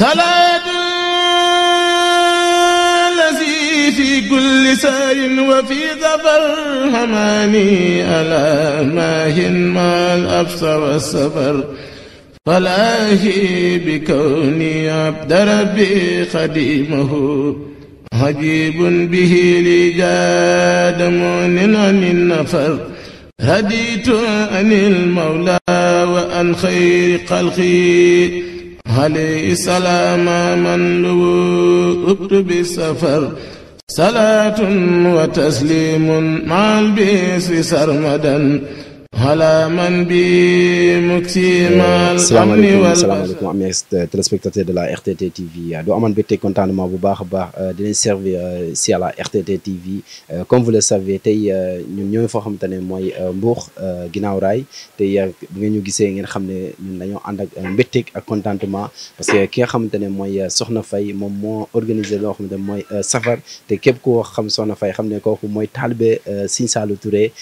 salaat lazi fi kulli saarin wa fi safar xamaani ala maahin maal absa wa safar falaahi bi kawni abda rabbi xadimahu ajibun bihi li jaada munin ani nafar raditu anil mawla wa an xayri xalqi عليه سلام من له اكتب السفر صلاة وتسليم مع البيس سرمدا salaamaaleykum salaamaaleykum amés téléspectateur de la RTT TV du aman bégte contentement bu baax a baax euh, di leen servir euh, à la RTT TV euh, comme vous le savez tey ñun ñooy foo xamante ne mooy Mbour ginnaaw raay tey bu ngeen ñu gisee ngeen xam ne dañoo ànd ak mbégteeg ak contentement parce que ki nga xamante ne mooy Soxna Faye moom moo organisé loo xamante ne mooy safar te képp koo xam Soxna Faye xam ne kooku mooy taalibe Sine Saliou Touré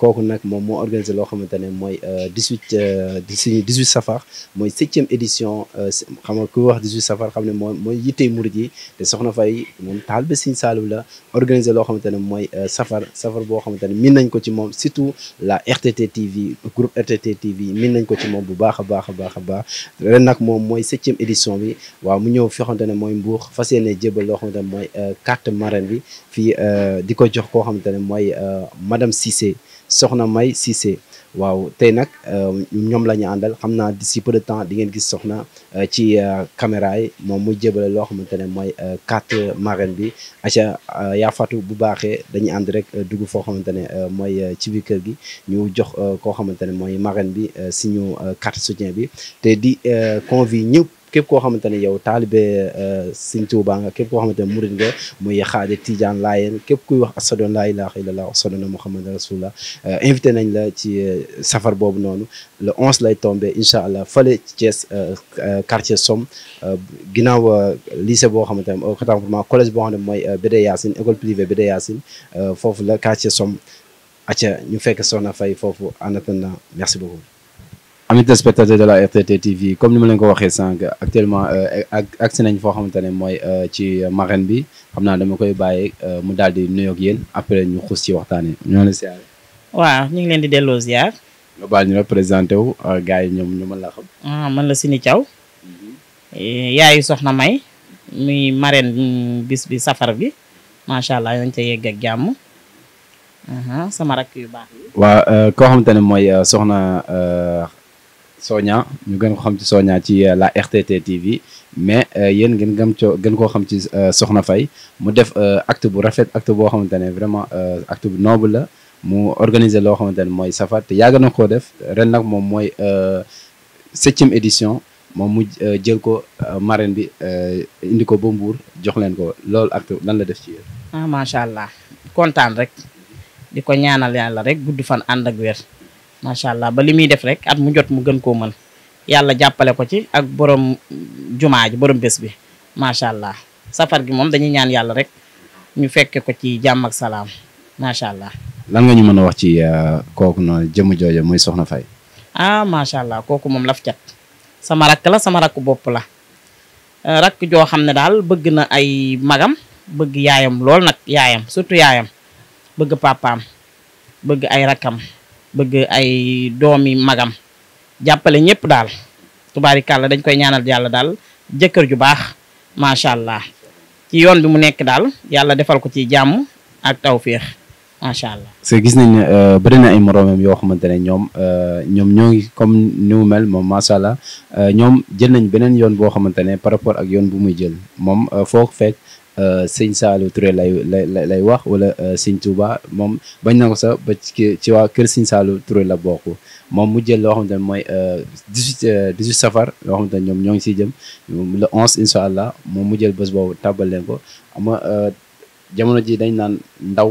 kooku nag moom moo organisé loo xamante ne mooy euh, dix huit euh, suñu dix huit safar mooy septième édition euh, xam nga ku wax dix huit safar xam ne mooy mooy yittee murid yi te soxna Faye moom taal ba Sëriñ Saliou la organisé loo xamante ne mooy safar safar boo xamante ne min nañ ko ci moom surtout la RTT TV groupe RTT TV min nañ ko ci moom bu baax a baax a baax a baax ren nag moom mooy septième édition bi waaw mu ñëw fi xamante ne mooy Mbour fas yéene jébal loo xamante ne mooy carte marine bi fii di ko jox koo xamante ne mooy madame Cissé soxna May Cissé waaw tey nag euh, ñoom la ñu àndal xam naa d'ici peu de temps di ngeen gis soxna euh, ci euh, caméra yi moom mu jébale loo xamante ne mooy carte marraine bi aca yaa fatu bu baaxee dañuy ànd rek dugg foo xamante ne mooy ci biir kër gi ñu jox koo xamante ne mooy marraine bi si ñu carte soutien bi te di convie ñëpp képp koo xamante ne yow taalibe euh, Sëñ Tuubaa nga képp koo xamante ne murid nga muy xaade Tijaan Laayeen képp kuy wax asadon laa ilaaha illallaah asadona Muhammad rasulullah euh, invité nañ la ci euh, safar boobu noonu le 11 lay tombé incha allah fële ci Thiès quartier Somme ginnaaw lycée boo xamante ne au contemporain collège boo xam ne mooy Bédé Yacine école privée Bédé Yacine foofu la quartier Somme acca ñu fekk soxna fay foofu en merci beaucoup amit spectateur de la RTT TV comme ni ma leen ko waxee sànq actuellement euh, ak agsi nañ foo xamante ne mooy euh, ci marraine bi xam naa dama koy bàyyi euh, mu daal di nuyoog yéen après ñu xus ci waxtaan yi ñoo la siyaar. waaw ñu ngi leen di delloo ziar. nga baal ñu représenté wu gars yi ñoom ñu mën la xam. ah man la Sini Thiaw. Mm-hmm. Eh, yaayu soxna May. muy marraine bis bi safar bi macha allah nañ ca yegg ak jàmm. Uh-huh, sama rakk yu baax yi. waaw koo xamante ne mooy soxna. Sonia ñu gën ko xam ci Sonia ci euh, la RTT TV mais euh, yéen ngeen gëm co gën koo xam ci euh, Soxna fay mu def acte bu rafet acte boo xamante ne vraiment acte bu noble la mu organiser loo xamante ne mooy safar te yàgg na koo def ren nag moom mooy septième édition moom mu jël ko marine bi indi ko ba mbuur jox leen ko loolu acte lan la def ci yéen. ah macha allah kontaan rek di ko ñaanal yàlla rek gudd fan ànd ak weer macha allah ba li muy def rek at mu jot mu gën koo mën yàlla jàppale ko ci ak borom jumaa ji borom bés bi macha allah safar gi moom dañuy ñaan yàlla rek ñu fekke ko ci jàmm ak salaam macha allah. lan nga ñu mën a wax ci euh, kooku noonu jëmm jooja muy na Faye. ah macha allah kooku moom laf cat sama rakk la sama rakk bopp la euh, rakk joo xam ne daal bëgg na ay magam bëgg yaayam lool nag yaayam surtout yaayam bëgg papaam bëgg ay rakkam. bëgg ay doomi magam jàppale ñëpp daal tubaarikàlla dañ koy ñaanal yàlla daal jëkkër ju baax macha allah ci yoon bi mu nekk daal yàlla defal ko ci jàmm ak tawféex macha allah. parce gis nañ ne euh, bëri na ay moroomam yoo xamante ne ñoom euh, ñoom ñoo ngi comme ni mel moom macha allah euh, ñoom jël nañ beneen yoon boo xamante ne par rapport ak yoon bu muy jël moom foo fekk Euh, sëñ Saliou Touré lay lay lay wax wala euh, sëñ Touba moom bañ na ko sax ba ci waaw kër sëñ Saliou Touré la bokk moom mu jël loo xamante ne mooy 18 euh, safar loo xamante ñoom ñoo ngi siy jëm le 11 incha allah moom mu jël bés boobu tàbbal leen ko ama jamono ji dañ naan ndaw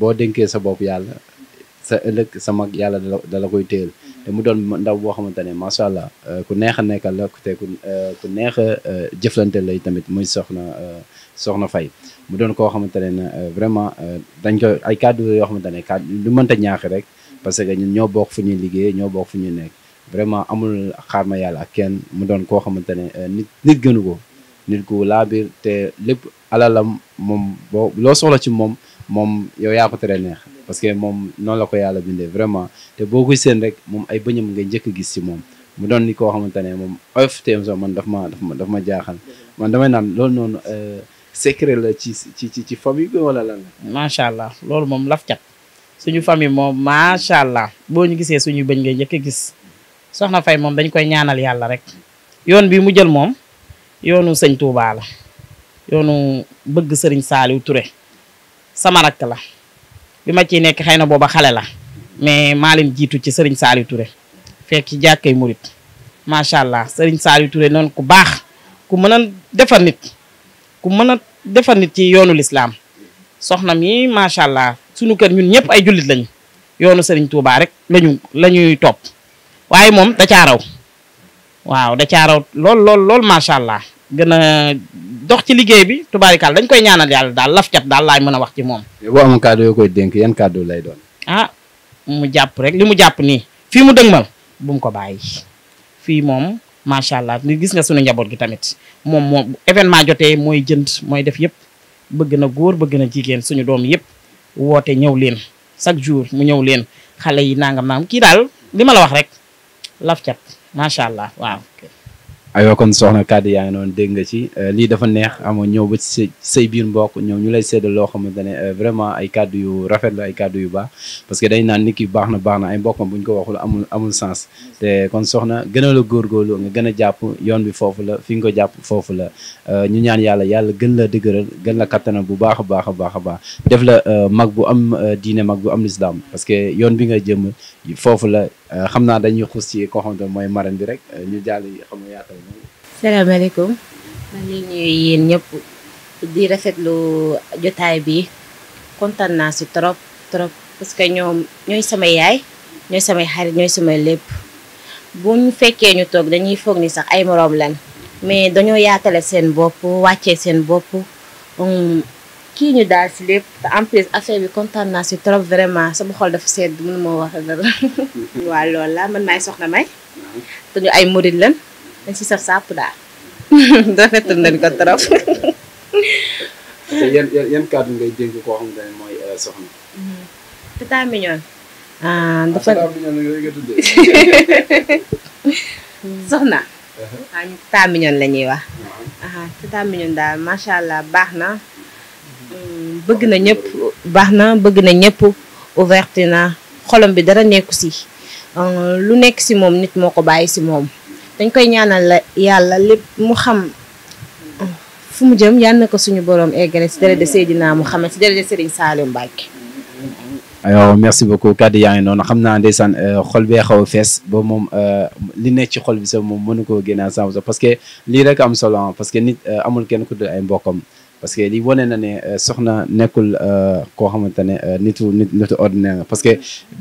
boo dénkee sa bopp yàlla sa ëllëg sa mag yàlla dala dala koy téyel te mu doon ndaw boo xamante ne macha allah euh, ku neex a nekkal la te ku euh, ku neex a euh, jëflante lay tamit muy soxna soxna fay mu doon koo xamante ne vraiment dañ ko ay kàddu yoo xamante ne kàddu lu mënta ñaax rek parce que ñun ñoo bokk fu ñuy liggéey ñoo bokk fu ñuy nekk vraiment amul xaar ma yàlla ak kenn mu doon koo xamante ne nit nit gënu ko nit ku laabiir te lépp alalam moom boo loo soxla ci moom moom yow yaa neex. parce que moom noonu la ko yàlla bindee vraiment te boo koy seen rek moom ay bëñam nga njëkk gis si moom mu doon ni koo xamante ne moom oyof teem sax daf ma daf ma ma jaaxal man damay naan loolu noonu euh, secret la ci ci ci ci famille bi la. macha allah loolu moom laf cat suñu famille moom macha allah boo ñu gisee suñu bëñ ngay njëkk gis soxna Faye moom dañ koy ñaanal yàlla rek yoon bi mu jël moom yoonu sëñ Touba yoonu bëgg sëriñ Saliou Touré sama rakk la. bi ma ci nekk xëy na booba xale la mais maa leen jiitu ci sëriñ Saliou ture fekk ci jàkkay murit macha allah sëriñ Saliou Touré noonu ku baax ku mën a defar nit ku mën a defar nit ci yoonu lislaam soxna mi macha allah sunu kër ñun ñëpp ay jullit lañu yoonu Serigne Touba rek lañu la ñuy topp waaye moom da caaraw waaw da caaraw lool lool lool allah gën a dox ci liggéey bi tubaarikaal dañ koy ñaanal yàlla daal laf cat daal laay mën a wax ci moom. boo amoon kàddu yoo koy dénk yan kàddu lay doon. ah mu jàpp rek li mu jàpp nii fii mu dëgmal bu mu ko bàyyi fii moom macha allah li gis nga suñu njaboot gi tamit moom moom événement jotee mooy jënd mooy def yëpp bëgg na góor bëgg na jigéen suñu doom yëpp woote ñëw leen chaque jour mu ñëw leen xale yi nangam nangam kii daal li ma la wax rek laf cat macha allah waaw. aywa kon soxna kàddu yaa ngi noonu dégg nga ci euh, lii dafa neex amoon ñëw ba ci say biir mbokk ñëw ñu lay séddal loo xamante ne euh, vraiment ay kàdd yu rafet la ay kàddu yu baax parce que dañ naan nit ki baax na baax na ay mbokkam bu ñu ko waxul amul amul sens te kon soxna gën a la góorgóorlu nga gën a jàpp yoon bi foofu la fi nga ko jàpp foofu la euh, ñu ñaan yàlla yàlla gën la dëgëral gën la kattanal bu baax a baax a baax a baax def la mag bu am diine mag bu am lislaam parce que yoon bi nga jëm foofu la xam naa dañuy xuus ci koo xamante mooy maran bi rek ñu jàll xam nga salaamaaleykum maa ngi ñuy yéen ñëpp di rafetlu jotaay bi kontaan naa si trop trop parce que ñoom ñooy sama yaay ñooy samay xarit ñooy samay lépp buñ fekkee ñu toog dañuy foog ni sax ay moroom lan mais dañoo yaatale seen bopp wàccee seen bopp um, kii ñu daal si lépp te en plus affaire bi kontaan naa si trop vraiment sama xol dafa sedd mënu moo wax dara. waaw loolu la man maay soxna May te ñu ay murid lan dañ si saf sàpp daal. rafetal nañ ko trop. te yan yan la ñuy wax. ah daal macha allah baax na. bëgg na ñëpp baax na bëgg na ñëpp ouverte na xolom bi dara nekku si ah, lu nekk si moom nit moo ko bàyyi si moom. dañ koy ñaanal la yàlla lépp mu xam fu mu jëm yal na ko suñu borom eggale si daraja Seydina Muhammad si daraja Serigne Saliou Mbacke. aywa merci beaucoup kàddu yaa ngi noonu xam naa ndeysaan euh, xol bee xaw a fees ba moom euh, li nekk ci xol bi sax moom mënu koo génne à 100% parce que lii rek am solo parce que nit euh, amul kenn ku dul ay mbokkam. parce que li wane na ne euh, soxna nekkul euh, koo xamante ne euh, nitu nit nitu ordinaire nga parce que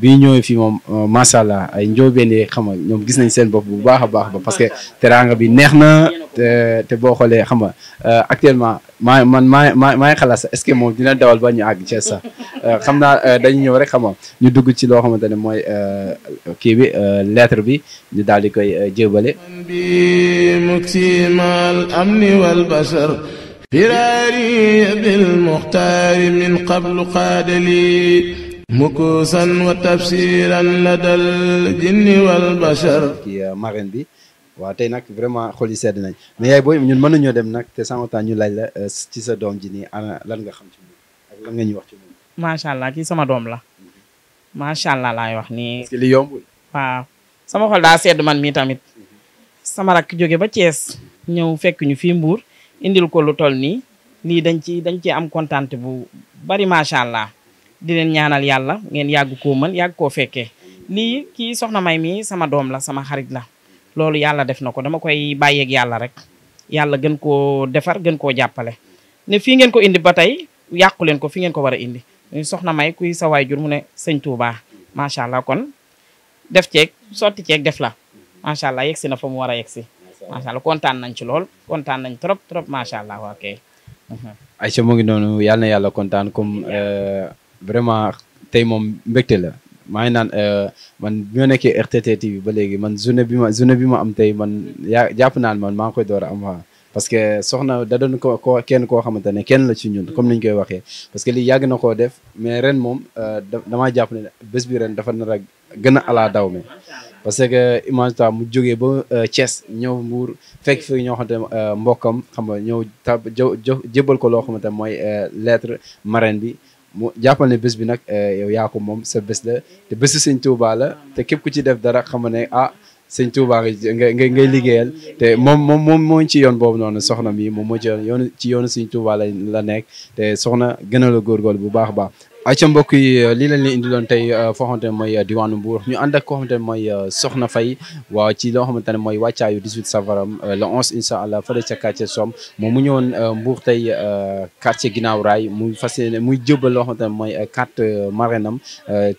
bi ñëwee fii moom macha allah ay njóobeen yi xam nga ñoom gis nañ seen bopp bu baax a baax ba parce que teraanga bi neex na te te boo xoolee xam nga actuellement maa man maa maa maa ngi xalaat sax est-ce que moom dina dawal ba ñu àgg ci sax xam naa dañu ñëw rek xam ñu dugg ci loo xamante ne mooy kii bi lettre bi ñu daal di koy jébale. firaari bilmuxtaari min qablu qaadali mukuusan wa tafsiran la jinni wal bashar bi waaw tey nag vraiment xol yi sedd nañ mais yaay booy ñun mën nañoo dem nag te sans ñu laaj la euh, ci sa doom ji nii ana lan nga xam nga ñuy wax allah kii sama doom la macha allah laay wax nii li yombul waaw sama xol daa sedd man mi tamit sama rakk jóge ba Thiès ñëw fekk ñu fii Mbour indil ko lu toll nii lii dañ ci dañ ci am kontante bu bari macha allah di leen ñaanal yàlla ngeen yàgg koo mën yàgg koo fekkee nii kii soxna may mii sama doom la sama xarit la loolu yàlla def na ko dama koy bàyyeeg yàlla rek yàlla gën koo defar ngeen koo jàppale ne fii ngeen ko indi ba tey yàqu leen ko fi ngeen ko war a indi soxna may kuy sa jur mu ne sëñ Touba macha allah kon def ceeg sotti ceeg def la macha allah yegsi na fa mu war a yegsi macha allah kontaan nañ ci lool kontaan nañ trop trop macha allah waa kay. Aïcha mu ngi noonu yal na yàlla kontaan comme euh, vraiment tey moom mbégte la. maa ngi naan euh, man bi ma nekkee RTT TV ba léegi man journée bi ma journée bi ma am tey man yaa jàpp naan man maa koy door a am waaw. parce que soxna da doon ko ko kenn koo xamante ne kenn la ci ñun comme ni ñu koy waxee parce que lii yàgg na koo def mais ren moom euh, dama jàpp ne bés bi ren dafa nar a gën a alaa daw me parce que image mu jógee ba euh, Thiès ñëw Mbuur fekk fi ñoo euh, mbokkam xam nga ñëw tab jébal ko loo xamante mooy lettre marraine bi mu jàppal bés bi nag yow yaa moom sa bés la te bésu Sëñ Tuubaa te képp ku ci def dara xam ne ah sëñ Touba nga nga ngay liggéeyal te moom moom moom moo ci yoon boobu noonu soxna mi moom moo ci yoon yoonu ci yoonu sëñ Touba la la nekk te soxna gën a la góorgóorlu bu baax a baax ayca mbokk yi lii lañ leen tey euh, foo xamante ne mooy euh, diwaanu Mbour ñu ànd ak koo mooy euh, Soxna Faye waaw ci loo xamante ne mooy wàccaayu 18 safaram le 11 incha allah fële ca quartier Somme moom mu ñëwoon Mbour tey quartier ginnaaw raay muy fas yéene muy jëbal loo xamante mooy carte marraine am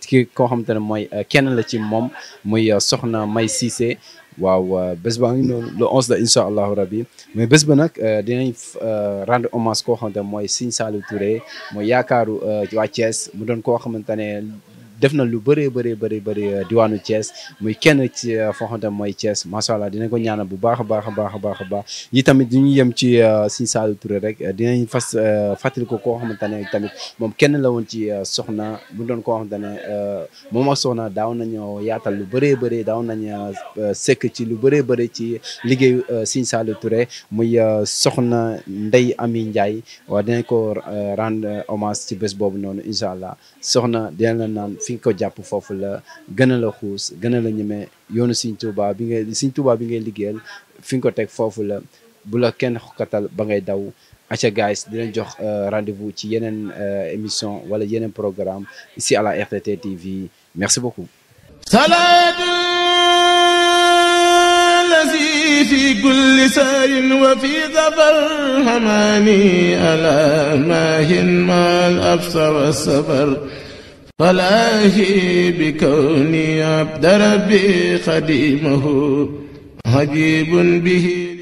ki koo xamante ne mooy kenn la ci moom muy Soxna May Cissé waaw bés baa ngi noonu le onze la incha allahu rabi mais bés ba nag euh, dinañ euh, rendre hommage koo xamante mooy Serigne Saliou Touré mooy yaakaaru euh, waa Thiès mu doon koo xamante ne def na lu bëree bëree bëri bëri euh, diwaanu Thiès muy kenn ci euh, foo xamante mooy cees macha allah dina ko ñaana bu baax a baax a baax a baax yi tamit ñu yem ci euh, Serigne Saliou ture rek dinañ fas fàttali ko koo xamante ne tamit moom kenn la woon ci soxna mu doon koo xamante ne moom ak soxna daaw nañu yaatal lu bëree bëri daaw nañu sekk ci lu bëree bëri ci liggéeyu Serigne Saliou Touré muy soxna Ndeye Ami Ndiaye waaw dinañ ko rend hommage ci bés boobu noonu incha allah soxna dinañ la naan fi nga ko jàpp foofu la gën a la xuus gën la ñemee yoonu Sëriñ Tuubaa bi ngay Sëriñ Tuubaa fi nga ko teg foofu la bu la kenn xokkatal ba ngay daw acca guys di leen jox euh, rendez ci yeneen euh, émission wala yeneen programme i à la RTT TV merci beaucoup salaatu lazi fi kulli sayrin wa fi safar hamani ala mahin mal absa wa safar طلاهي بكوني عبد ربي خديمه عجيب به